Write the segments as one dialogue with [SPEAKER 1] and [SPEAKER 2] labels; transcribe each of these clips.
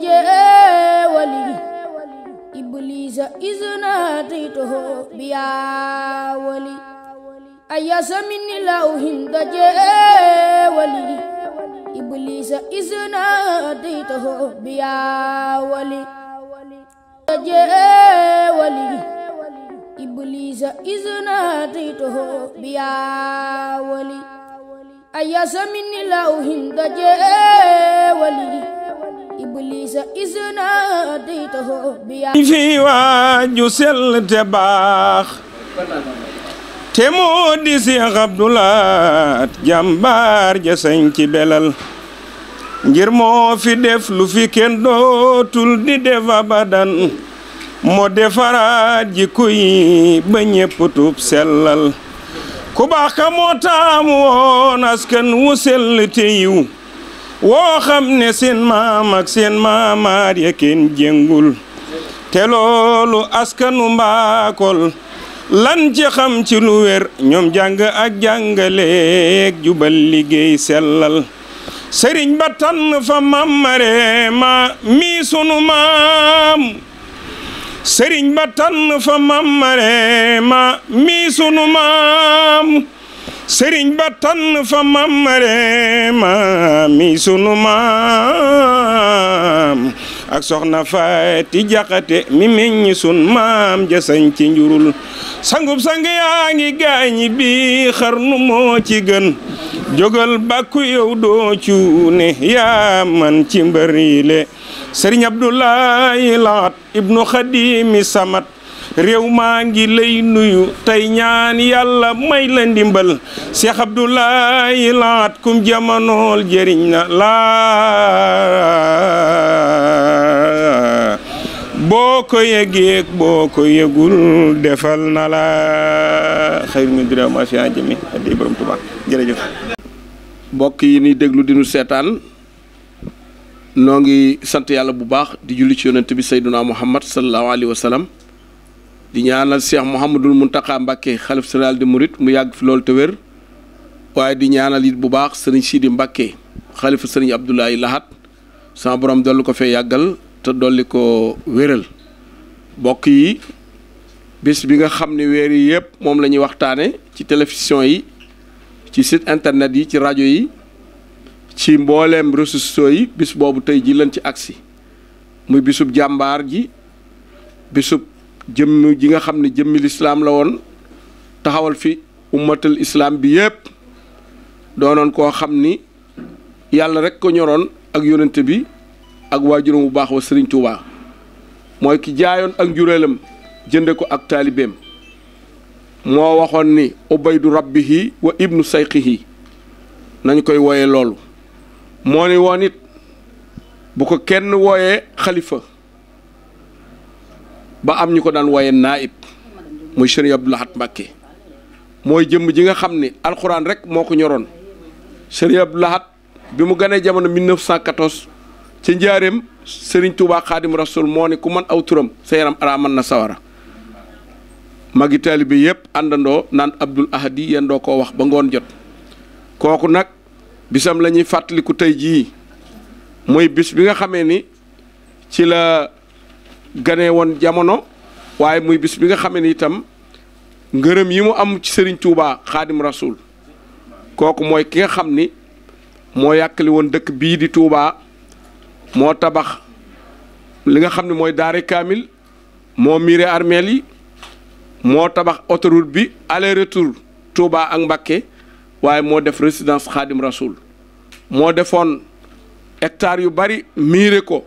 [SPEAKER 1] jeewali iblisa isna taytuhu biya wali ayasa minni lawhin da jeewali iblisa isna taytuhu biya wali da jeewali iblisa isna taytuhu biya wali ayasa fi
[SPEAKER 2] waaju sell te baax te moo di Seex Abdulaat jàmbaar ja sañ ci belal ngir moo fi def lu fi kenn dootul di def abadan moo defaraat jikko yi ba ñépp tub sellal ku baax ka taamu woon askan wu sell te yiw woo xam ne seen maam ak seen maamaat ya kenn jéngul te loolu askanu mbaakol lan ci xam ci lu wér ñoom jàng ak jàngaleeg jubal liggéey sellal sëriñ ba tànn fa mammare ma mii sunu maam sëriñ ba tànn fa mammare ma mii sunu maam sëriñ ba tànn fa mamare ma mi sunu maam ak soxna faati jaxate mi meññ sun maam jasañ ci njurul sangub sang yaa ngi gaañi bi xarnu moo ci gën jógal bàkku yow doo cuune yaa man ci mbërile sëriñ abdoulayi laat ibnu xadimi samat réew maa ngi lay nuyu tey ñaan yàlla may la ndimbal Cheikh Abdoulaye laat kum jamonool jëriñ na la boo ko yëgeeg boo ko yëgul defal na la xëy mi dira ma fi jëmi addi borom Tuubaa jërëjëf
[SPEAKER 3] mbokk yi ni déglu dinu seetaan noo ngi sant yàlla bu baax di julli ci yonent bi sayduna muhammad sallallahu alayhi wa sallam di ñaanal Cheikh Mouhamadul Mountakha Mbacké xalif général des mourides mu yàgg fi loolu te wér waaye di ñaanal it bu baax sëriñ Sidi Mbacké xalifa sëriñ Abdoulaye Lahat sama boroom dolli ko fee yàggal te dolli ko wéral mbokk yi bis bi nga xam ni weer yi yëpp moom la ñuy waxtaane ci télévision yi ci site internet yi ci rajo yi ci mbooleem réseaux yi bis boobu tey ji lañ ci agsi muy bisub jàmbaar ji bisub jëmm ji nga xam ne jëmmi lislaam la woon taxawal fi ummatal islaam bi yépp doonoon koo xam ni yàlla rek ko ñoroon ak yonente bi ak waajuram bu baax wa sëriñ Tuubaa mooy ki jaayoon ak njureelam jënde ko ak taalibeem moo waxoon ni ubaydu rabbihi wa ibnu sayqihi nañ koy wooyee loolu moo ni woon it bu ko kenn wooyee xalifa ba am ñu ko daan wooye naayib muy Sëriñ Abdou Lahad Mbàkke mooy jëmm ji nga xam ni alxuraan rek moo ko ñoroon Sëriñ Abdou Lahad bi mu ganee jamono 1914 ci njaareem Sëriñ Tuubaa Xaadim Rasul moo ni ku man aw turam sa yaram ara mën na sawara magi taalibe bi yëpp àndandoo naan Abdul Ahadi yéen doo koo wax ba ngoon jot kooku nag bisam lañuy fàttaliku tey jii muy bis bi nga xamee ni ci la gane woon jamono waaye muy bis bi nga xamee ni itam ngërëm yi mu am ci Serigne Touba xaadim rasul kooku mooy ki nga xam ni moo yàkkali woon dëkk bii di Touba moo tabax li nga xam ne mooy daare kaamil moo miire armeel yi moo tabax autoroute bi aller retour Touba ak Mbacké waaye moo def résidence xaadim rasul moo defoon hectare yu bari miire ko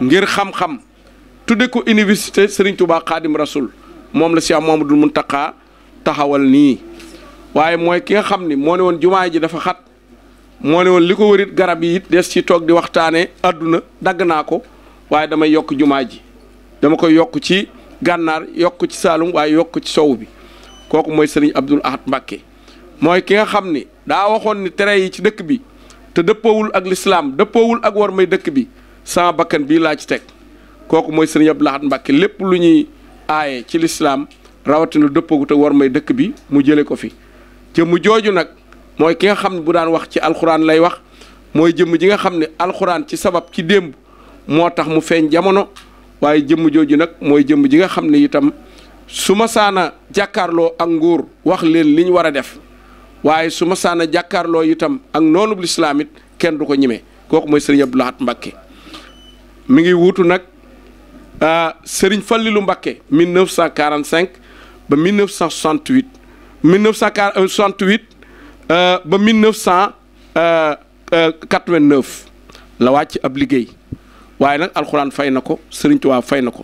[SPEAKER 3] ngir xam-xam tudde ko université Serigne tubaa Khadim Rasoul moom la amoom Cheikh Mamadou Mountakha taxawal nii waaye mooy ki nga xam ni moo ne woon jumaa ji dafa xat moo ne woon li ko wërit garab yi it des ci toog di waxtaanee àdduna dagg naa ko waaye damay yokk jumaa ji dama koy yokk ci gànnaar yokk ci saalum waaye yokk ci sow bi kooku mooy Serigne Abdoul Ahad Mbacké mooy ki nga xam ni daa waxoon ni tere yi ci dëkk bi te dëppoowul ak lislaam dëppoowul ak war may dëkk bi sama bakkan bii laa ci teg kooku mooy sëriñ Abdou Lahad lépp lu ñuy aaye ci lislaam rawatinu dëppagut war may dëkk bi mu jëlee ko fi jëmm jooju nag mooy ki nga xam ne bu daan wax ci alxuraan lay wax mooy jëmm ji nga xam ne alxuraan ci sabab ci démb moo tax mu feeñ jamono waaye jëmm jooju nag mooy jëmm ji nga xam ne itam su ma saana jàkkaarloo ak nguur wax leen li ñu war a def waaye su ma saana jàkkaarloo itam ak noonub lislaam kenn du ko ñime kooku mooy sëriñ Abdou Lahad Mbacke ngi wuutu nag Euh, Serigne Fallilou Mbacké 1945 ba 1968 1968 euh, ba 1989 la wàcc ab liggéey waaye nag alxuraan fay na ko sëriñ Touba fay na ko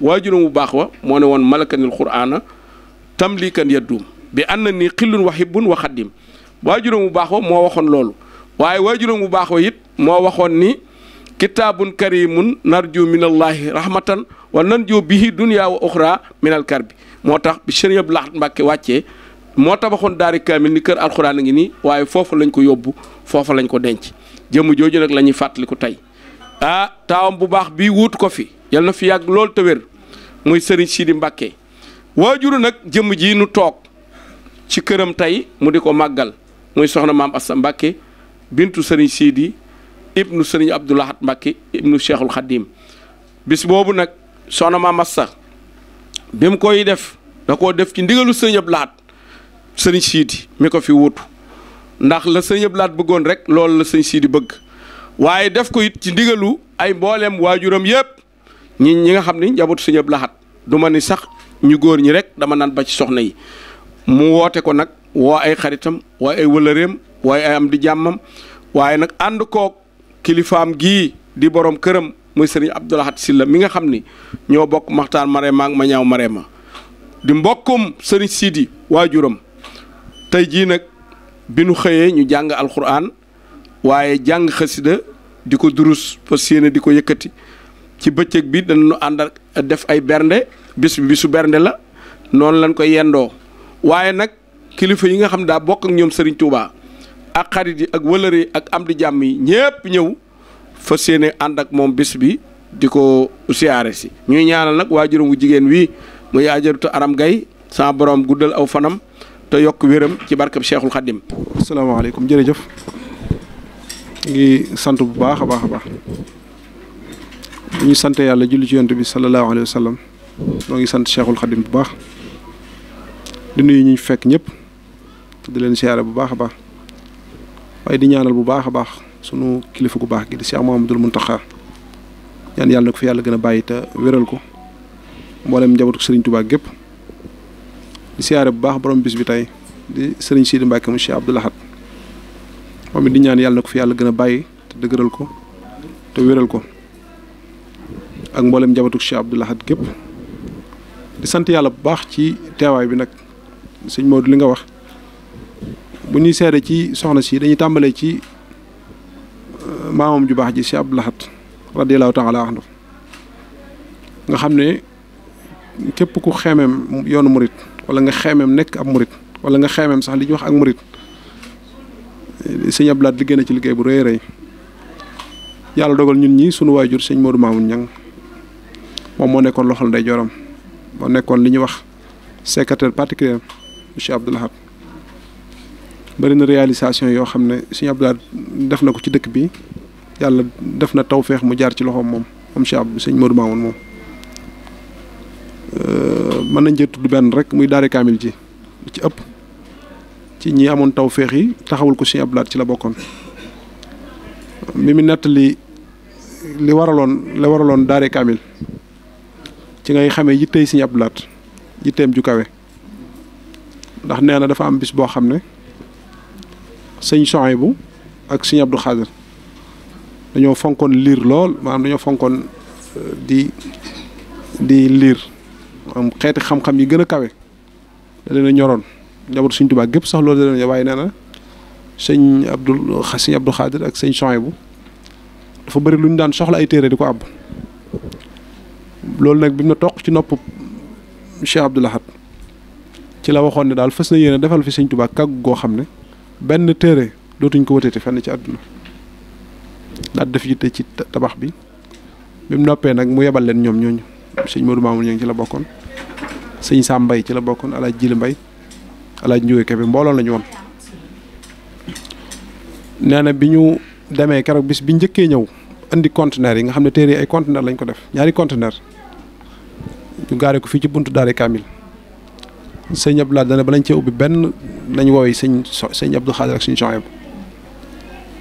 [SPEAKER 3] waajuram bu baax wa moo ne woon malakanil quraana tamlikan yadduum bi ànd na ni xillun wa hibbun wa xaddim waajuram bu baax wa moo waxoon loolu waaye waajuram bu baax wa it moo waxoon nii kitaabun karimun narju minallahi rahmatan wa nanju bihi dunya wa uxra minal bi moo tax bi Sëriñ Abdu Lahat Mbàkke wàccee moo tabaxoon daari kaamil ni kër alxuraan a ngi nii waaye foofu lañ ko yóbbu foofa lañ ko denc jëmm jooju nag la ñuy fàttaliku tey ah taawam bu baax bii wuutu ko fi yal na fi yàgg lool te wér muy Sëriñ Sidi Mbàkke waajuru nag jëmm ji nu toog ci këram tey mu di ko màggal muy soxna maam Assa Mbàkke bintu Sëriñ Sidi ibnu sëriñ Abdoulahat Mbacke ibnu Cheikhul Khadim bis boobu nag soxna ma Massa bi mu koy def da koo def ci ndigalu sëriñ Abdoulahat sëriñ siidi mi ko fi wutu ndax la sëriñ Abdoulahat bëggoon rek loolu la sëriñ siidi bëgg waaye def ko it ci ndigalu ay mbooleem waajuram yépp ñi ñi nga xam ni njabootu sëriñ laxat du ma ni sax ñu góor ñi rek dama naan ba ci soxna yi mu woote ko nag woo ay xaritam waaye ay wëlëreem waaye ay am di jàmmam waaye nag ànd kook kilifaam gii di borom këram muy sëriñ Abdoul Ahad Sylla mi nga xam ni ñoo bokk Maxtaar Marema ak Mañaaw Marema di mbokkum sëriñ Sidi waajuram tey jii nag bi nu xëyee ñu jàng alxuraan waaye jàng xasida di ko durus fas yéene di ko yëkkati ci bëccëg bi danañu ànd ak def ay bernde bis bi bisu bernde la noonu lañ koy yendoo waaye nag kilifa yi nga xam daa bokk ak ñoom sëriñ Touba ak xarit yi ak wëlër yi ak am di jàmm yi ñépp ñëw fas yéene ànd ak moom bés bi di ko siyaare si ñuy ñaanal nag waajuram wu jigéen wii muy ajaratu aram gay sa borom guddal aw fanam te yokk wéram ci barkab Cheikhul Khadim.
[SPEAKER 4] asalaamaaleykum jërëjëf ngi sant bu baax a baax a baax ñu sant yàlla julli ci bi sallallahu alayhi wa sallam moo ngi sant Cheikhul Khadim bu baax di nuyu ñu fekk ñëpp di leen siyaare bu baax a baax. waaye di ñaanal bu baax a baax sunu kilifa gu baax gi di Cheikh Mouhamadoul Mountakha ñaan yàlla na fi yàlla gën a bàyyi te wéral ko mboolem njabootu Serigne Touba gépp di bu baax borom bis bi tey di Serigne Sidi Mbacke mu Cheikh Abdou moom di ñaan yàlla na ko fi yàlla gën a bàyyi te dëgëral ko te wéral ko ak mboolem njabootu Cheikh Abdou Lahad gépp di sant yàlla bu baax ci teewaay bi nag sëñ Maodo li nga wax. bu ñuy seede ci soxna si dañuy tàmbalee ci euh, maamam ju baax ji si Abdou Lahat radiyallahu taala anhu nga xam ne képp ku xeemeem yoonu murit wala nga xeemeem nekk ab murit wala nga xeemeem sax li ñuy wax ak morit eh, sëñ Abdou Lahat liggéey na ci liggéey bu rëy rey yàlla dogal ñun ñi sunu waajur sëñ Modou Mamoun Niang moom moo nekkoon loxol ndey joram moo nekkoon li ñuy wax secrétaire particulier monsieur Abdou Lahat bari na réalisation yoo xam ne Serigne Abdou def na ko ci dëkk bi yàlla def na tawféex mu jaar ci loxoom moom moom Cheikh Abdou Serigne Modou Mamoun moom. Euh, mën nañ cee tudd benn rek muy daare kaamil ji ci ëpp ci ñi amoon tawféex yi taxawul ko Serigne Abdou ci la bokkoon mi mu nettali li waraloon la waraloon daare kaamil ci ngay xamee yittey Serigne Abdou yitteem ju kawe ndax nee na dafa am bis boo xam ne. sëñ bu ak sëñ Abdou Khadir dañoo fonkoon liir lool maanaam dañoo fonkoon euh, di di liir am xeeti xam-xam yi gën a kawe da leen a ñoroon njabootu sëñ Tuubaa gépp sax loolu da leen waaye nee na sëñ Abdul sëñ ak Khadir ak bu dafa bari lu ñu daan soxla ay téere di ko àbb loolu nag bi mu na toq ci noppu Cheikh Abdoul Ahad ci la waxoon ne daal fas na yéene defal fi sëñ Tuubaa kàggu goo xam ne benn téere dootuñ ko wëteeti fenn ci àdduna daal def yitte ci tabax bi bi mu noppee nag mu yebal leen ñoom ñooñu sëñ Modou Mamoun ñu ci la bokkoon sëñ Sam Mbay ci la bokkoon alaaj Jili Mbay alaaj Njuge Kebe mbooloo lañu woon nee na bi ñu demee keroog bis bi njëkkee ñëw indi conteneur yi nga xam ne téere yi ay conteneur lañ ko def ñaari conteneur ñu gaare ko fii ci bunt daare Kamil sëñ Abdoulaye dana ba lañ cee ubbi benn nañ woowee sëñ sëñ Abdou Khadir ak suñu Chouaib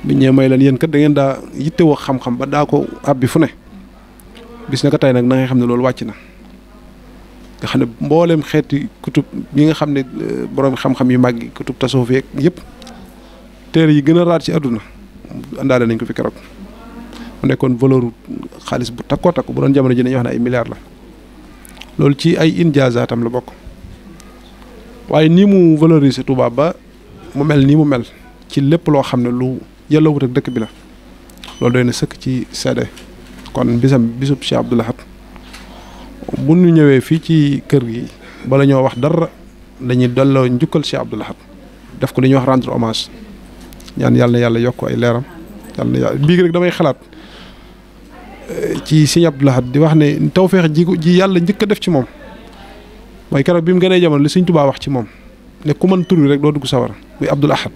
[SPEAKER 4] bi ñee may leen yéen kat daa yittewoo xam-xam ba daa ko abbi fu ne bis na ko tey nag na nga xam ne loolu wàcc na nga ne mbooleem xeeti kutub yi nga xam ne euh, borom xam yu màgg kutub yëpp téere yi gën a raat ci àdduna àndaale nañ ko fi keroog mu nekkoon valeur xaalis bu takkoo takku bu doon jamono ji nañu wax ne ay milliards la loolu ci ay injazaatam la bokk. waaye nii mu valoriser tubaab ba mu mel nii mu mel ci lépp loo xam ne lu yellawut ak dëkk bi la loolu doy na sëkk ci sedde kon bisam bisub ci Abdou Lahad bu ñu ñëwee fii ci kër gi bala ñoo wax dara dañuy delloo njukkal Cheikh Abdou def ko dañuy wax rendre hommage ñaan yàlla yàlla yokk ay leeram yàlla na bii rek damay xalaat eh, ci Sëñ Abdou di wax ne tawféex ji ko ji yàlla njëkk a def ci moom mooy keroog bi mu gënee jamono li Sëñ Tuubaa wax ci moom ne ku mën tur rek doo dugg sawar muy Abdul Ahad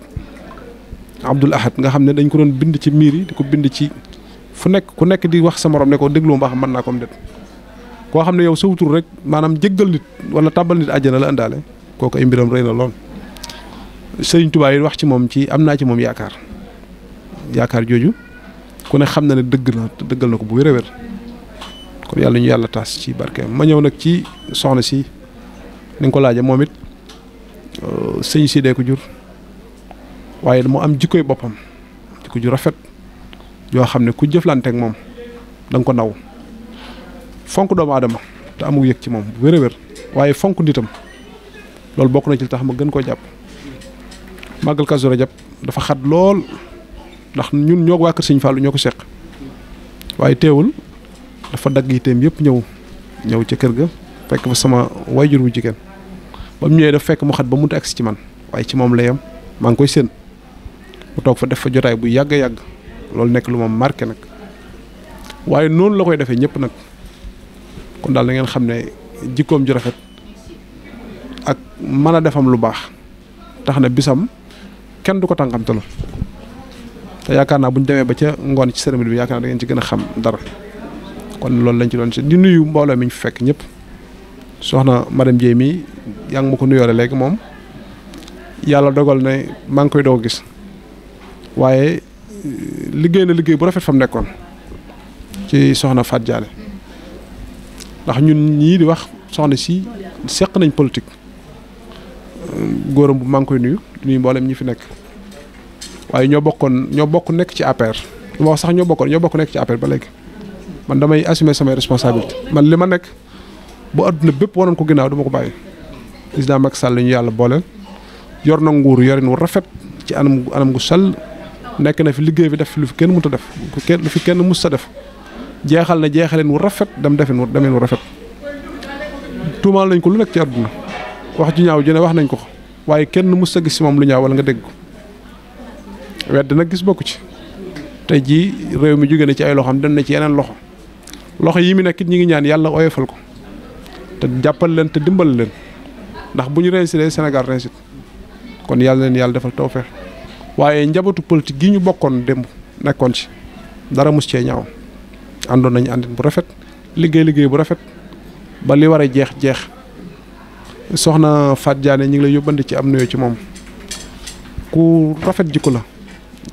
[SPEAKER 4] Abdul Ahad nga xam ne dañ ko doon bind ci miir yi di ko bind ci fu nekk ku nekk di wax sa morom ne ko dégloo mbaax mën naa ko mu det koo xam ne yow saw tur rek maanaam jéggal nit wala tàbbal nit àjjana la àndaale kooku ay mbiram rëy na lool Sëriñ Tuubaa yi wax ci moom ci am naa ci moom yaakaar yaakaar jooju ku ne xam na ne dëgg na dëggal na ko bu wér yàlla ñu yàlla taas ci barkeem ma ñëw nag ci soxna si ni ko laajee moom it euh, sëñ si dee ko jur waaye mu am jikkoy boppam jikko ju rafet yoo xam ne ku jëflanteek moom da ko naw fonk doomu aadama te amu yëg ci moom wér wér waaye fonk nitam loolu bokk na ci tax ma gën koo jàpp màggal Kazu Rajab dafa xat lool ndax ñun ñoo ko waa kër Sëñ Fallou ñoo ko seq waaye teewul dafa dagg yiteem yëpp ñëw ñëw ca kër ga fekk fa sama wayjur wu jigéen ba mu ñëwee daf fekk mu xat ba mu a agsi ci man waaye ci moom la yem maa ngi koy séen mu toog fa def fa jotaay bu yàgg yàgg loolu nekk lu ma marqué nag waaye noonu la koy defee ñëpp nag kon daal da ngeen xam ne jikkoom ju rafet ak man a defam lu baax tax na bisam kenn du ko tànqamtalu te yaakaar naa bu ñu demee ba ca ngoon ci cérémonie bi yaakaar naa da ci gën a xam dara kon loolu lañ ci doon si di nuyu mbooloo mi ñu fekk ñëpp soxna madame Dieye mi yaa ngi ma ko nuyoole léegi moom yàlla dogal ne maa ngi koy doog gis waaye euh, liggéey na liggéey bu rafet fa nekkoon ci soxna Fatou Diallo ndax ñun ñii di wax soxna si seq nañ politique euh, góoram bu maa ngi koy nuyu di nuyu mboolem ñi fi nekk waaye ñoo bokkoon ñoo bokk nekk ci APR lu ma wax sax ñoo bokkoon ñoo bokk nekk ci APR ba léegi man damay assumer samay responsabilité man li ma nekk bu àdduna bépp wanoon ko ginnaaw duma ko bàyyi président Macky Sall la ñu yàlla booleel yor na nguur yorin wu rafet ci anam anam gu sell nekk na fi liggéey bi def fi lu fi kenn mënut a def lu fi kenn mus sa def jeexal na jeexaleen wu rafet dem defin wu demeen wu rafet. tuumaal nañ ko lu nekk ci àdduna wax ju ñaaw ju wax nañ ko waaye kenn mus sa gis si moom lu ñaaw wala nga dégg ko wedd nag gis bokku ci te jii réew mi jóge na ci ay loxoom dem na ci yeneen loxo loxo yi mu nekk it ñu ngi ñaan yàlla oyofal ko te jàppal leen te leen. ndax bu ñu réussir senegal réussir kon yàlla leen yàlla defal tawfeex waaye njabootu politique gi ñu bokkoon démb nekkoon ci dara mus cee ñaaw àndoon nañu àndin bu rafet liggéey liggéey bu rafet ba li war a jeex jeex soxna Fat Diané ñu ngi lay yóbbante ci am nuyoo ci moom ku rafet jikko la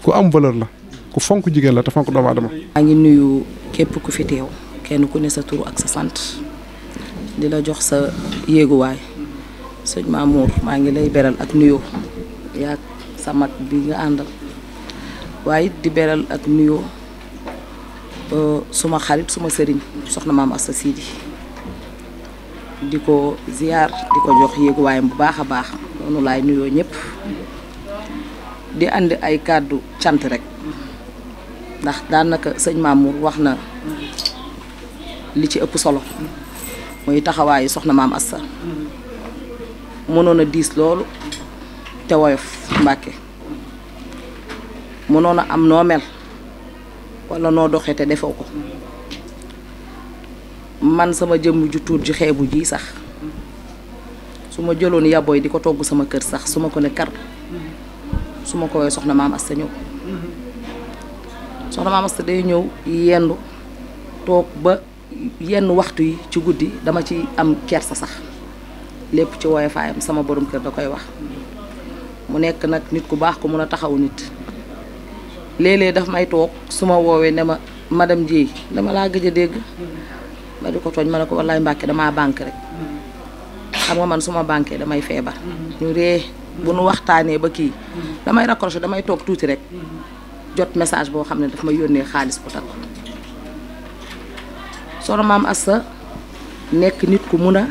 [SPEAKER 4] ku am valeur la ku fonk jigéen la te fonk doomu aadama.
[SPEAKER 5] maa ngi nuyu képp ku fi teew kenn ku ne sa tur ak sa sant di la jox sa yéeguwaay. sëñ Mamour maa ngi lay beral ak nuyoo yaag sa mag bi nga àndal waaye di beral ak nuyoo suma xarit suma sëriñ soxna maam Asta Sidi di ko ziar di ko jox yéeguwaayam bu baax a baax noonu laay nuyoo ñëpp di indi ay kàddu cant rek ndax daanaka sëñ Mamour wax na li ci ëpp solo muy taxawaayu soxna maam Asta mënoon a diis loolu te woyof Mbàkke mënoon a am noo mel wala noo doxee te defoo ko man sama jëmm ju tuut ju xeebu ji sax su ma jëloon yabooy di ko togg sama kër sax su ma ko ne kar su ma ko woowee soxna maam Asta ñëw soxna maam Asta day ñëw yendu toog ba yenn waxtu yi ci guddi dama ci am kersa sax lépp ci woyofaayam sama borom kër da koy wax mu nekk nag nit ku baax ko mun a taxaw nit léeg-léeg daf may toog su ma woowee ne ma ma dem Dieye dama laa gëj a dégg ma di ko tooñ ma ne ko wallaay Mbàkke damaa banque rek xam nga man suma ma damay feebar ñu ree bu nu waxtaanee ba kii damay raccroché damay toog tuuti rek jot message boo xam ne daf ma yónnee xaalis bu takk sono maam Assa nekk nit ku mun a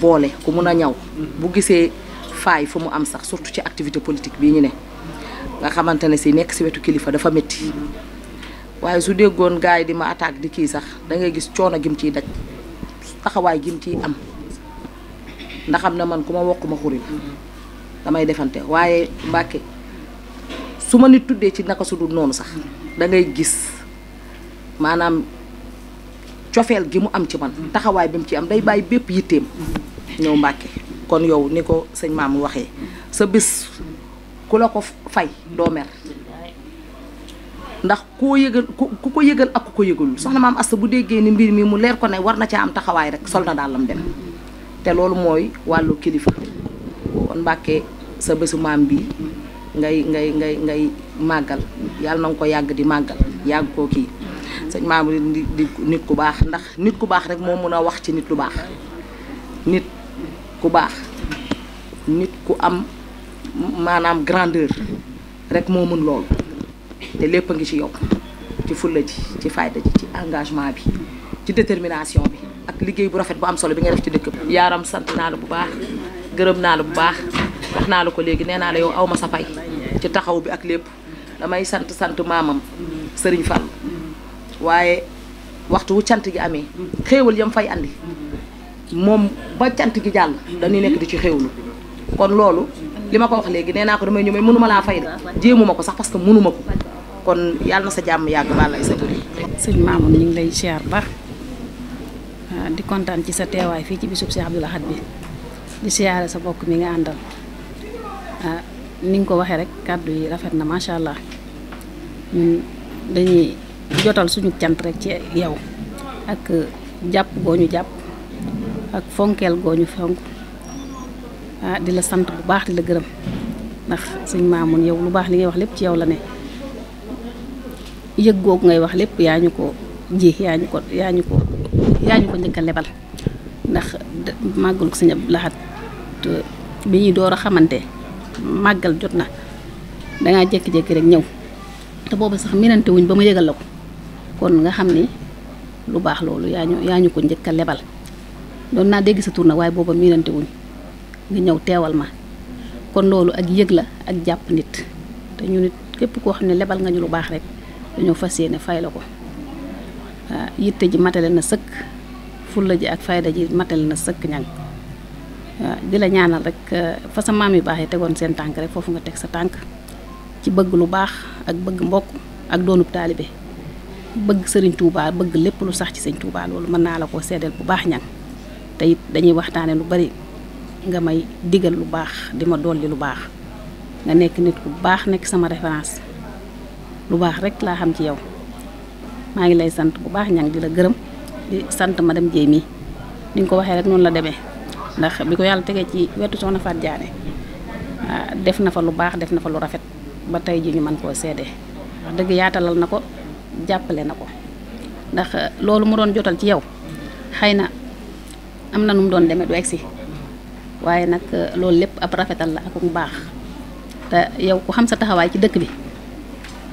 [SPEAKER 5] boole ku mun a ñaw bu gisee faay fu mu am sax surtout ci activité politique bii ñu ne nga xamante ne si nekk si wetu kilifa dafa métti waaye su déggoon gars yi di ma attaque di kii sax da ngay gis coono gim ciy daj taxawaay gim ciy am ndax xam ne man ku ma wokk ma xurin damay defante waaye Mbàkke su ma nit tuddee ci naka su dul noonu sax dangay gis maanaam cofeel gi mu am ci man mm-hmm. taxawaay bi mu ci am day bàyyi bépp yitteem mm-hmm. ñëw Mbàkke kon yow ni ko sëñ maam waxee sa bis ku la ko fay doo mer ndax koo yëgal ku ko yëgal ak ku ko yëgalul soxna maam asta bu déggee ni mbir mi mu leer ko ne war na caa am taxawaay rek sol na dàllam dem te loolu mooy wàllu kilifa woon Mbàkke sa bésu maam bi ngay ngay ngay ngay màggal yàlla na ko yàgg di màggal yàgg koo kii sëñ maamu di nit ku baax ndax nit ku baax rek moo mun a wax ci nit lu baax nit ku baax nit ku am maanaam grandeur rek moo mën loolu te lépp a ngi ci yow ci fulla ji ci fayda ji ci engagement bi ci détermination bi ak liggéey bu rafet bu am solo bi nga def ci dëkk bi. yaaram sant naa la bu baax gërëm naa la bu baax wax naa la ko léegi nee naa la yow aw ma sa pay ci taxaw bi ak lépp damay sant sant maamam Serigne Fall. waaye waxtu wu cant gi amee xéewal yam fay andi moom ba cant gi jàll dañuy nekk di ci xéewlu kon loolu li ma ko wax léegi nee naa ko damay ñëw mënu ma laa fay de jéemuma ko sax parce que mënu ma ko kon yàlla sa jàmm yàgg bàlla ay sa bëri sëñ ñu ngi lay siyaar baax
[SPEAKER 6] ah, di kontaan ci sa teewaay fii ci bisub Cheikh Abdou Lahad bi di siyaare sa mbokk mi nga àndal ah, ni nga ko waxee rek kàddu yi rafet na macha allah ñun dañuy jotal suñu cant rek ci yow ak jàpp goo ñu jàpp ak fonkeel goo ñu fonk ah di la sant bu baax di la gërëm ndax sëñ Maamun yow lu baax li ngay wax lépp ci yow la ne yëg googu ngay wax lépp yaa ñu ko ji yaa ñu ko yaa ñu ko yaa njëkk lebal ndax màggal ko sëñ Abdu bi ñuy door a xamante màggal jot na dangaa jékki-jékki rek ñëw te boobu sax minante ba ma yëgal la ko kon nga xam ni lu baax loolu yaa ñu ko njëkk a lebal doon naa dégg sa tur na waaye booba miinante wuñ nga ñëw teewal ma kon loolu ak yëg la ak jàpp nit te ñu nit képp koo xam ne lebal nga ñu lu baax rek dañoo fas yéene fay la ko waaw yitte ji matale na sëkk fulla ji ak fayda ji matale na sëkk ñang waaw di la ñaanal rek euh, fa sa maam yu baax yi tegoon seen tànk rek foofu nga teg sa tànk ci bëgg lu baax ak bëgg mbokk ak doonub taalibe bëgg sëriñ Touba bëgg lépp lu sax ci sëñ Touba loolu mën naa la koo seddeel bu baax ñan te dañuy waxtaane lu bari nga may digal lu baax di ma dolli lu baax nga nekk nit ku baax nekk sama référence lu baax rek laa xam ci yow maa ngi lay sant bu baax ñang di la gërëm di sant madame Dieye mii ni nga ko waxee rek noonu la demee ndax bi ko yàlla tegee ci wetu soxna Fatou Diané ah, def na fa lu baax def na fa lu rafet ba tey ji ñu mën koo seede wax dëgg yaatalal na ko jàppale na ko ndax euh, loolu mu doon jotal ci yow xëy na am na nu mu doon deme du egsi waaye nag euh, loolu lépp ab rafetal la ak mu baax te yow ku xam sa taxawaay ci dëkk bi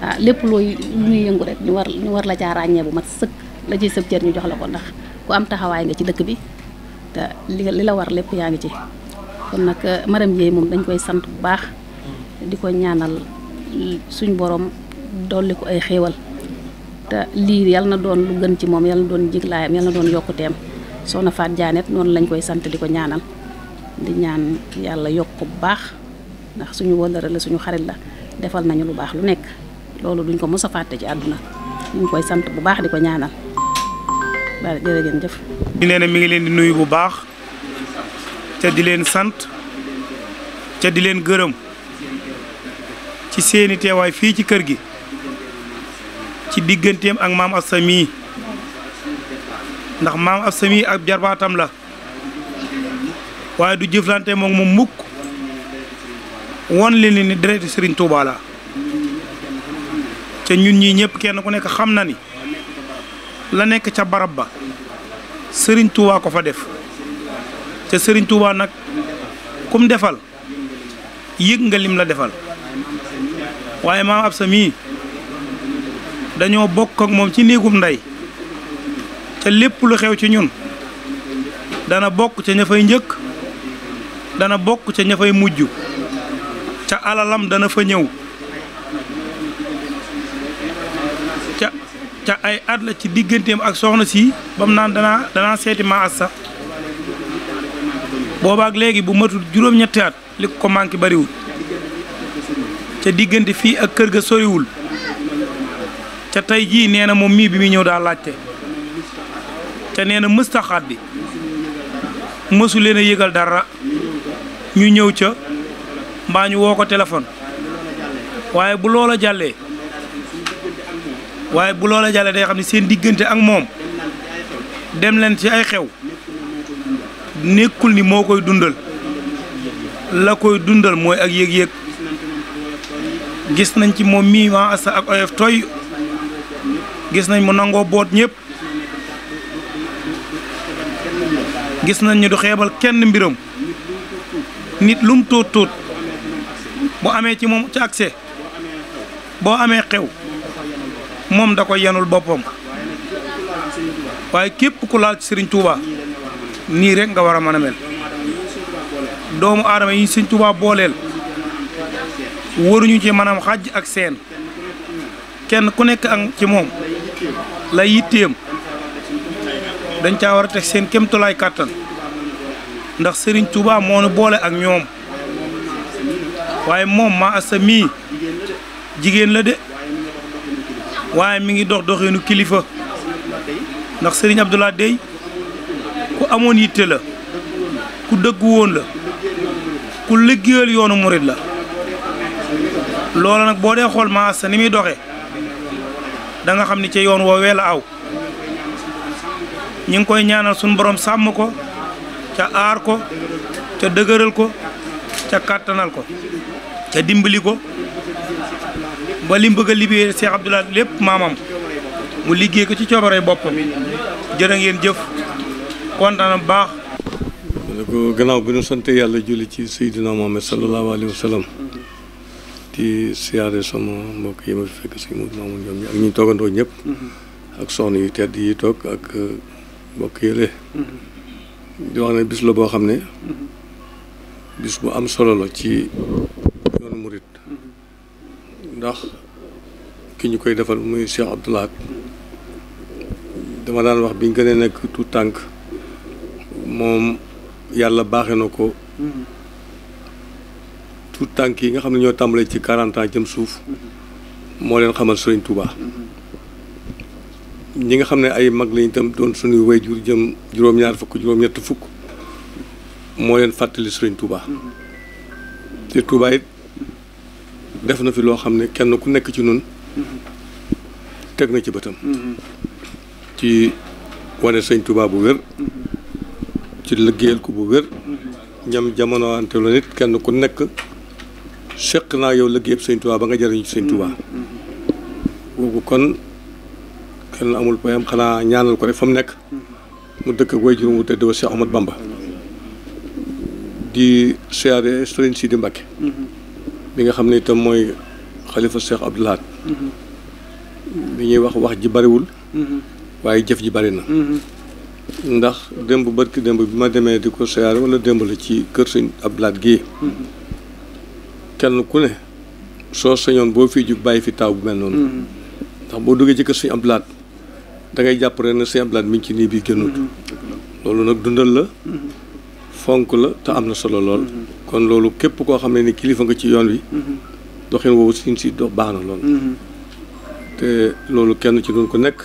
[SPEAKER 6] ah lépp looy lu ñuy yëngu rek ñu war ñu war la caa ràññee bu ma sëkk la ciy sëb cër ñu jox la ko ndax ku am taxawaay nga ci dëkk bi te li la war lépp yaa ngi ci kon nag euh, maram Ndiaye moom dañ koy sant bu baax di ko ñaanal suñ boroom dolli ko ay xéewal te lii yal na doon lu gën ci moom yal na doon jiglaayam yal na doon yokkuteem soxna Faat jaaneet noonu lañ koy sant di ko ñaanal di ñaan yàlla yokk ko bu baax ndax suñu wëllëre la suñu xarit la defal nañu lu baax lu nekk loolu duñ ko mos fàtte ci àdduna ñu koy sant bu baax di ko ñaanal
[SPEAKER 7] waaw jërëjëf. ñu nee mi ngi leen di nuyu bu baax te leen sant te di leen gërëm ci seeni fii ci kër gi. ci digganteem ak maam ab sami ndax maam ab sami ak jarbaatam la waaye du jëflante moom mu mukk won leen ni deret Serigne Touba la te ñun ñii ñëpp kenn ku nekk xam na ni la nekk ca barab ba Serigne Touba ko fa def te Serigne Touba nag kum defal yëg nga lim la defal waaye maam ab sami dañoo bokk ak moom ci néegum ndey ca lépp lu xew ci ñun dana bokk ca ña fay njëkk dana bokk ca ña fay mujj ca alalam dana fa ñëw ca ca ay at la ci digganteem ak soxna si bam naan danaa danaa seeti ma as sax boobaak léegi bu matul juróom-ñetti at li ko manqué bariwul ca diggante fii ak kër ga soriwul ca tey jii nee na moom mii bi muy ñëw daa laajte te nee na mëstaxaat bi mësu leen a yëgal dara ñu ñëw ca mbaa woo ko téléphone waaye bu loola jàllee waaye bu loola jàllee day xam ne seen diggante ak moom dem leen ci ay xew nekkul ni moo koy dundal la koy dundal mooy ak yëg-yëg gis nañ ci moom mii ma asa ak oyof toy gis nañ mu nangoo boot ñépp gis nañ ñu du xeebal kenn mbiram nit lum tuut tuut bu amee ci moom ci accès boo amee xew moom da ko yenul boppam waaye képp ku laal ci sëriñ Touba nii rek nga war a mën a mel doomu aadama yi sëriñ Touba booleel waruñu ci maanaam xàjj ak seen kenn ku nekk ak ci moom la yitteem dañ caa war a teg seen kéemtulaay kàttan ndax sëriñ Touba moo nu boole ak ñoom waaye moom maa asta mii jigéen la de waaye mi ngi dox doxinu kilifa ndax sëriñ Abdoulaye Dey ku amoon yitte la ku dëggu woon la ku liggéeyal yoonu murit la loola nag boo dee xool maa asta ni muy doxee. danga xam ni ci yoon woowee la aw ñu ngi koy ñaanal suñu borom sàmm ko ca aar ko ca dëgëral ko ca kàttanal ko ca dimbali ko ba li mu bëgg a liggéey Cheikh Abdou lépp maamam mu liggéey ko ci coobare boppam jërë ngeen jëf kontaan bu baax.
[SPEAKER 8] ne gannaaw bi nu sant yàlla julli ci Seydina Mohamed sallallahu alayhi wa ci siyaare sama mbokk yi ma fekk si Modou Mamoune ñoom ñi ak ñi toogandoo ñëpp. Mm-hmm. ak soxna yu tedd yi toog ak uh, mbokk yële. Mm-hmm. di wax ne bis la boo xam ne. Mm-hmm. bis bu am solo la ci yoonu murit ndax ki ñu koy defal muy Cheikh Abdou dama daan wax biñ gënee nekk tout tànk moom yàlla baaxe na ko. tout yi nga xam ne ñoo tàmbalee ci 40 ans suuf moo leen xamal sëriñ Touba ñi nga xam ne ay mag lañu itam doon suñuy wayjur jëm juróom-ñaar fukk fukk moo fàttali sëriñ Touba te Touba def na fi loo xam ne kenn ku nekk ci nun teg na ci bëtam ci wane sëriñ Touba bu wér ci liggéeyal ko bu wér ñam jamono ante la nit kenn ku nekk séq naa yow liggéeyub sëñ Tuubaa ba nga jëriñ sëñ Tuubaa boobu mm, mm, mm. kon kenn amul payam xanaa ñaanal ko rek fa mu nekk mu dëkk ak waajur mu tëdd wa Cheikh Ahmad Bamba di siyaare Sëriñ Sidi Mbacke
[SPEAKER 9] bi mm-hmm.
[SPEAKER 8] nga xam ne itam mooy xalifa Cheikh Abdou bi
[SPEAKER 9] mm-hmm.
[SPEAKER 8] ñuy wax wax ji bariwul mm-hmm. waaye jëf ji bari na ndax démb barki démb bi ma demee di ko siyaare wala démb la ci kër sëñ Abdou Lahad gii kenn ku ne soo sañoon boo fii jug bàyyi fi taaw bu mel noonu mm-hmm. ndax boo duggee ci kër sëñ Abdou Lahad da ngay jàpp rek na sëñ Abdou Lahad mi ci nii bii génnut mm-hmm. loolu nag dundal la mm-hmm. fonk la te am na solo lool kon loolu képp koo xam ne ni kilifa nga ci yoon wi doxe woowu sin si dox baax na lool te loolu kenn ci doon ko nekk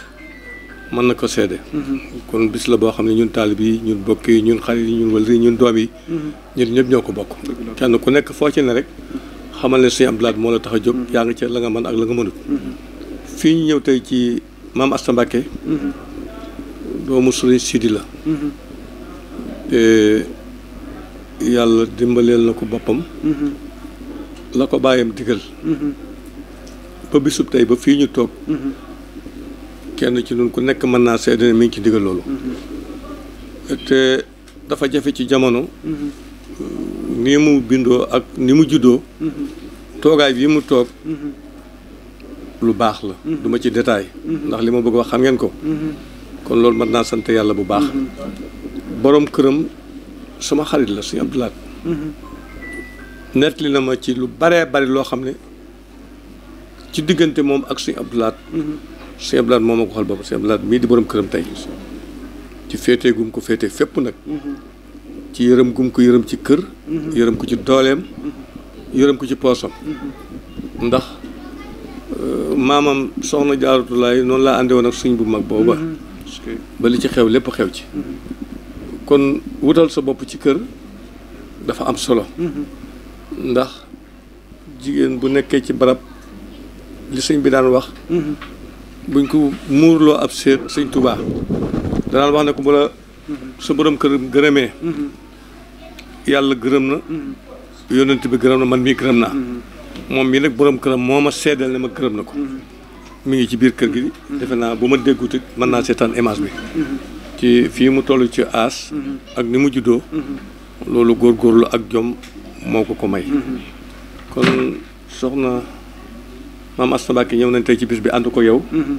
[SPEAKER 8] mën na ko seede mm-hmm. kon bis la boo xam ne ñun taalib yi ñun bokk yi ñun xarit yi ñun wël yi ñun doom yi mm-hmm. ñun ñëpp ñoo ko bokk kenn ku nekk foo ci ne rek xamal ne suñu Abdoulaye moo la tax a jóg mm-hmm. yaa ngi ci la nga mën ak la nga mënut fii ñu ñëw tey ci maam Asta Mbacke doomu Sëriñ Sidi la te yàlla dimbaleel na ko boppam la ko bàyyam digal ba bisub tey ba fii ñu toog kenn ci nun ku nekk mën naa seede mi ngi ci digg loolu te dafa jafe ci jamono ni mu bindoo ak ni mu juddoo toogaay bi mu toog lu baax la duma ci détail ndax li ma bëgg wax xam ngeen ko kon loolu mën naa sant yàlla bu baax borom këram sama xarit la suñu Abdoulaat nettali na ma ci lu baree bari loo xam ne ci diggante moom ak suñu Abdoulaat Sëñ Abdou moom moo ko waxal boppam Sëñ Abdou Lahad mii di borom këram tey ci féete gum ko féete fépp nag ci yërëm gum ko yërëm ci kër yërëm ko ci dooleem yërëm ko ci poosam ndax euh, maamam soxna jaaratulaay noonu laa ànde woon ak suñ bu mag booba ba li ci xew lépp xew ci kon wutal sa bopp ci kër dafa am solo ndax jigéen bu nekkee ci barab li sëñ bi daan wax buñ ko muurloo ab séer sëñ Touba danaan wax ne ko bu la sa borom kër gërëmee yàlla gërëm na yonent bi gërëm na man mii gërëm naa moom mii nag boroom këram moo ma seedal ne ma gërëm na ko mu ngi ci biir kër gi defe naa bu ma déggute it mën naa seetaan image bi ci fii mu toll ci aas ak ni mu juddoo loolu góorlu ak jom moo ko ko may kon soxna maam Asta Mbacke ñëw nañ tey ci bis bi ànd ko yow. Mhm.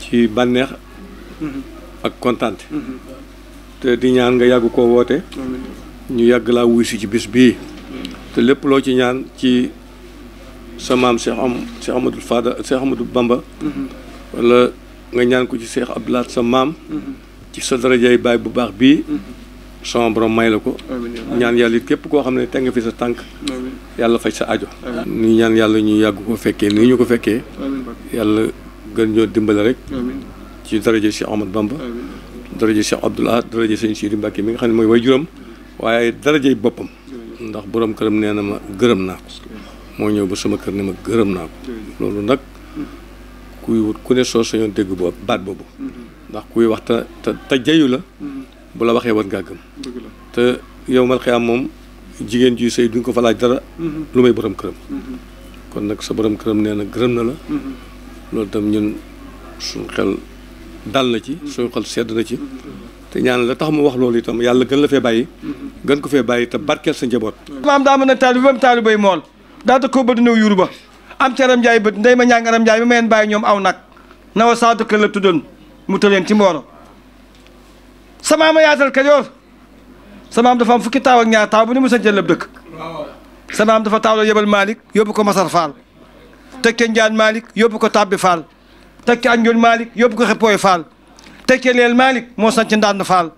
[SPEAKER 8] ci bànneex. Mhm. ak kontaan. Mhm. te di ñaan nga yàgg koo woote. ñu yàgg laa wuy si ci bis bii. te lépp loo ci ñaan ci sa maam Cheikh am Cheikh Amadou Fada Cheikh Amadou Bamba. wala nga ñaan ko ci Cheikh Abdoulaye sa maam. ci sa darajaay baay bu baax bii. sama borom may la ko ñaan yàlla yi képp koo xam ne teg nga fi sa tànk yàlla faj sa ajo ni ñaan yàlla ñu yàgg ko fekkee ni ñu ko fekkee yàlla gën ñoo dimbale rek ci daraje Cheikh Ahmad Bamba daraje Cheikh Abdoul Ahad daraje Sëñ Sidi Mbàkke mi nga xam ne mooy way juróom waaye darajey boppam ndax boroom këram nee na ma gërëm naa ko moo ñëw ba sama kër ne ma gërëm naa ko loolu nag kuy wut ku ne soo sañoon dégg boobu baat boobu mm-hmm. ndax kuy wax te te jayu la mm-hmm. bu la waxee wan ngaa te yow mal xiyaam moom jigéen ji sëy duñ ko fa laaj dara mm-hmm. lu may borom këram mm-hmm. kon nag sa borom këram nee na gërëm na la mm-hmm. loolu tam ñun suñ xel dal na ci suñ xel sedd na ci te ñaan la tax mu wax loolu itam yàlla gën la fee bàyyi gën ko fee bàyyi te barkeel sa njaboot
[SPEAKER 10] maam daa mën a taali bam taali bay mool daata koo bëdi naw yuru ba am ci aram njaay bët ndey ma ñàng aram njaay ba mayeen bàyyi ñoom aw nag nawa saatu kër la tuddoon mu tëleen ci mbooro samaama yaatal Kajoor samaam dafa am fukki taaw ak ñaar taaw bu mu sañ lëb dëkk samaam dafa taaw la yebal Malick yóbbu ko Masar Fall tekkee Njaan Malick yóbbu ko Tabbi Fall tekkee Anjoon Malick yóbbu ko Xeppooy Fall tekkee Leel Malick moo sañc Ndànd Fall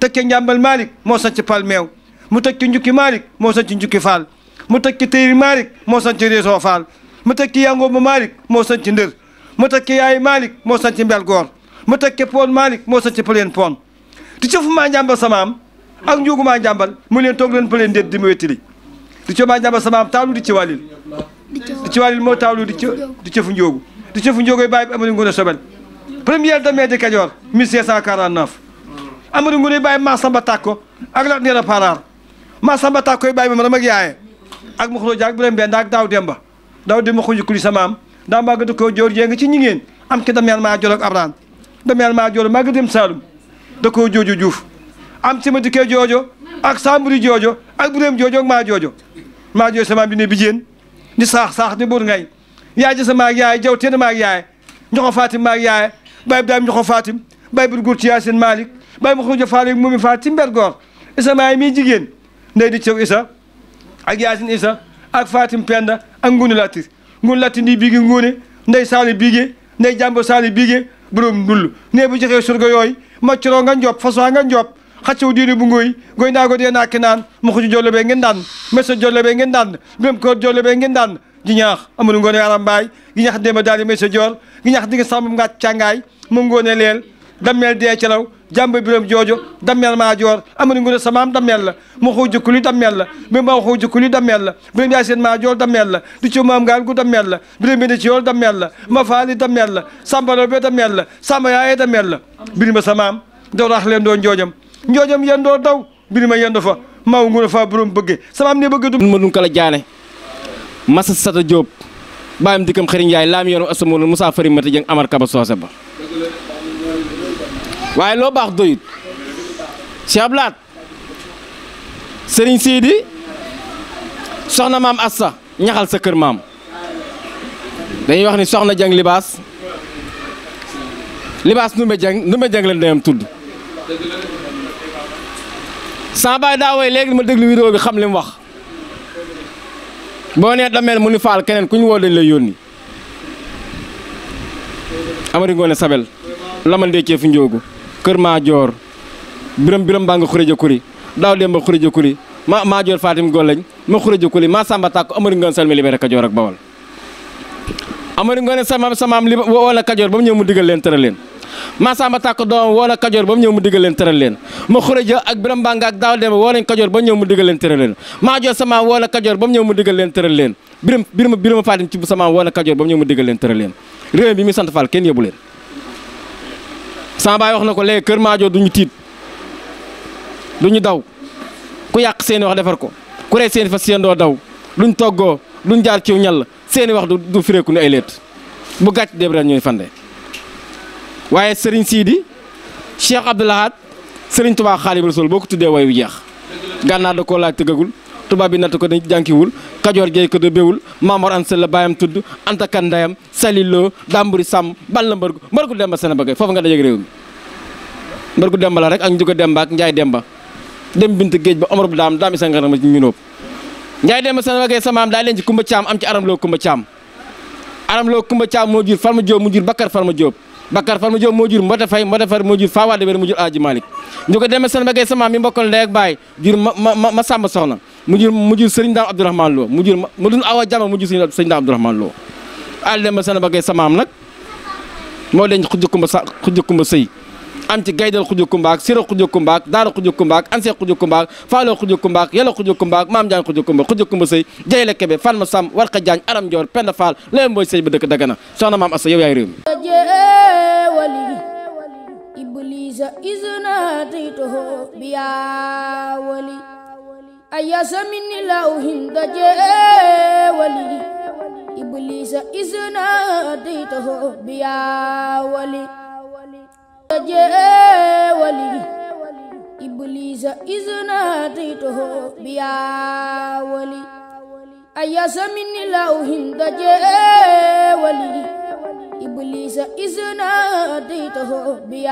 [SPEAKER 10] tekkee Njàmbal Malick moo sañc Palmeew mu tekki Njukki Malick moo sañc Njukki Fall mu tekki Téyri Malick moo sañc Réesoo Fall mu tekki Yangooma Malick moo sañc Ndër mu tekki Yaay Malick moo sañc Mbel du cëfu maa njàmbal sama ak njuugu ma njàmbal mu leen toog leen pëleen déet di ma wettili du cëf maa njàmbal sama taalu di ci wàllil di ci wàllil moo taalu di du cëfu njóogu du cëfu njóogoy bàyyi bi Amadou Ngoné Sobel première de mai de Kajoor 1549 Amadou Ngoné bàyyi Massamba Takko ak Lat Ndiéra Paraar Massamba Takko yi bàyyi moom ram ak yaaye ak ma xuloo jaag bu dem benn ak daaw demba daaw demba xuju kuli sama am daa maa gëdd koo joor jee nga ci ñi ngeen am ci dameel maa jor ak abraan dameel da koo joojo juuf am ci ma dikkee joojo ak samburi joojo ak buréem joojo ak maa joojo maa joojo sama bi ne bijeen ni saax-saax ni buur ngay yaay jësa maag yaay jaw teen maag yaay ñoxo fatim maag yaay bay daam ñoxo fatim bay bur góor ci yaa seen maalik bay ma xuja faalik mu mi faat ci mber goor isa maay mii jigéen ndey di cew isa ak yaasin isa ak fatim penda ak ngunu latti ngunu latti ndi biigi nguune ndey saali biige ndey jàmbo saali biige borom ndull nee bu joxee surga yooyu macciroo ngan job faswa ngan job xaccew diini bu nguy goy naago dee naaki naan maxuju jolle ɓe ngendan messe jolle ɓe ngendan mbem koor jolle ɓe ngendan giñaax amadou ngoone aram mbaay giñaax dema daali gi dior giñaax dinga sambam ngaat cangaay mo ngoone leel dammeel dee calaw jàmb biram joojo dammeel maa joor amari ngu ne samaam dammeel la ma xoo jëkkuli dammeel la bi ma xoo jëkkuli dammeel la biram yaay seen maa joor la du ci maam la biram la ma faali la sàmba yaaye dammeel la birima samaam daw leen doo njoojam njoojam yen doo daw birima yendo fa maaw ngu ne faa borom bëgge samaam ne bëgge du ma dun kala jaane masa sata Jóob bàyyam dikkam xëriñ yaay laam yoonu
[SPEAKER 11] asamoolu Moussa Fari Mata Jëng Amar Kaba Soose waaye loo baax doyut Cheikh Blaat sëriñ Sidi soxna maam Assa ñaxal sa kër maam dañuy wax ni soxna jang libaas libaas nu ma jang nu ma jang la ndeyam tudd sans baay daa woy léegi ma déglu vidéo bi xam li wax boo nee dameel mu ni faal keneen ku ñu woo dañ lay yónni amari ngoone sabel lamal deecee fu njoogu Kër Madior biram biram baa nga xuréja kuri daaw dem ba xuréja kuri ma Madior Fatim Gollañ ma xuréja kuri ma Samba Tàkk Amari Ngoone Salmi libéré Kajoor ak Bawol Amari Ngoone sama samaam li woo na Kajoor ba mu ñëw mu digal leen tëral leen ma Samba Tàkk doom woo na Kajoor ba mu ñëw mu digal leen leen ma xuréja ak biram baa nga ak daaw dem woo nañ Kajoor ba mu ñëw mu digal leen tëral leen Madior samaam woo na Kajoor ba mu ñëw mu digal leen tëral leen biram biram biram Fatim ci bu samaam woo na Kajoor ba mu ñëw mu digal leen sama baay wax na ko léegi kër Maajoor duñu tiit duñu daw ku yàq seeni wax defar ko ku rey seeni fas yéen doo daw luñ toggoo luñ jaar ciw ñal seeni wax du du fireeku ne ay léet bu gàcc déeb ren ñooy fande waaye sëriñ Sidi Cheikh Abdoul Ahad sëriñ Tuubaa Xaadimu Rasuul boo ko tuddee way wu jeex gànnaar da koo laaj tëggagul tubaab bi natt ko dañ jànkiwul kajoor géey ko da béwul maamoor an la baayam tudd anta kan ndayam saliloo damburi sàmm bal la mbargu mbargu demba seen bëgg foofu nga dajeg réew mi mbargu demba la rek ak njugo demba ak njaay demba dem bint géej ba omar bu daam daam isa nga ma ci ñunóob njaay demba seen bëgg samaam daa leen ci kumba caam am ci aram loo kumba caam aram loo kumba caam moo jur ma jóob mu jur bakkar farma jóob Bakar Farma Diop moo jur Mbota Faye Mbota Faye moo jur Fawa Débér moo jur Aji Malick ñu ko demee seen bëggee mujjul mujjul sëriñ daam Abdourahmane Lo mujjul mu dun awa jàmm mujjul sëriñ sëriñ daam Abdourahmane Lo àll ma samaam nag moo leen xujj kumba sa xujj kumba sëy am ci gaydal xujj kumbaak sira xujj kumbaak daara xujj kumbaak ansee xujj kumbaak faalo xujj kumbaak yàlla xujj kumbaak maam jaan xujj kumba xujj kumba sëy jayle kebe fan ma sam war jaañ aram joor penda faal leen mbooy sëy ba dëkk dagana soxna maam asa yow yaay réew
[SPEAKER 1] mi أياس من الله دجاء ولي إبليس إذ ناديته بيا ولي دجاء ولي إبليس إذ ناديته بيا ولي أياس من الله دجاء ولي إبليس إذ ناديته بيا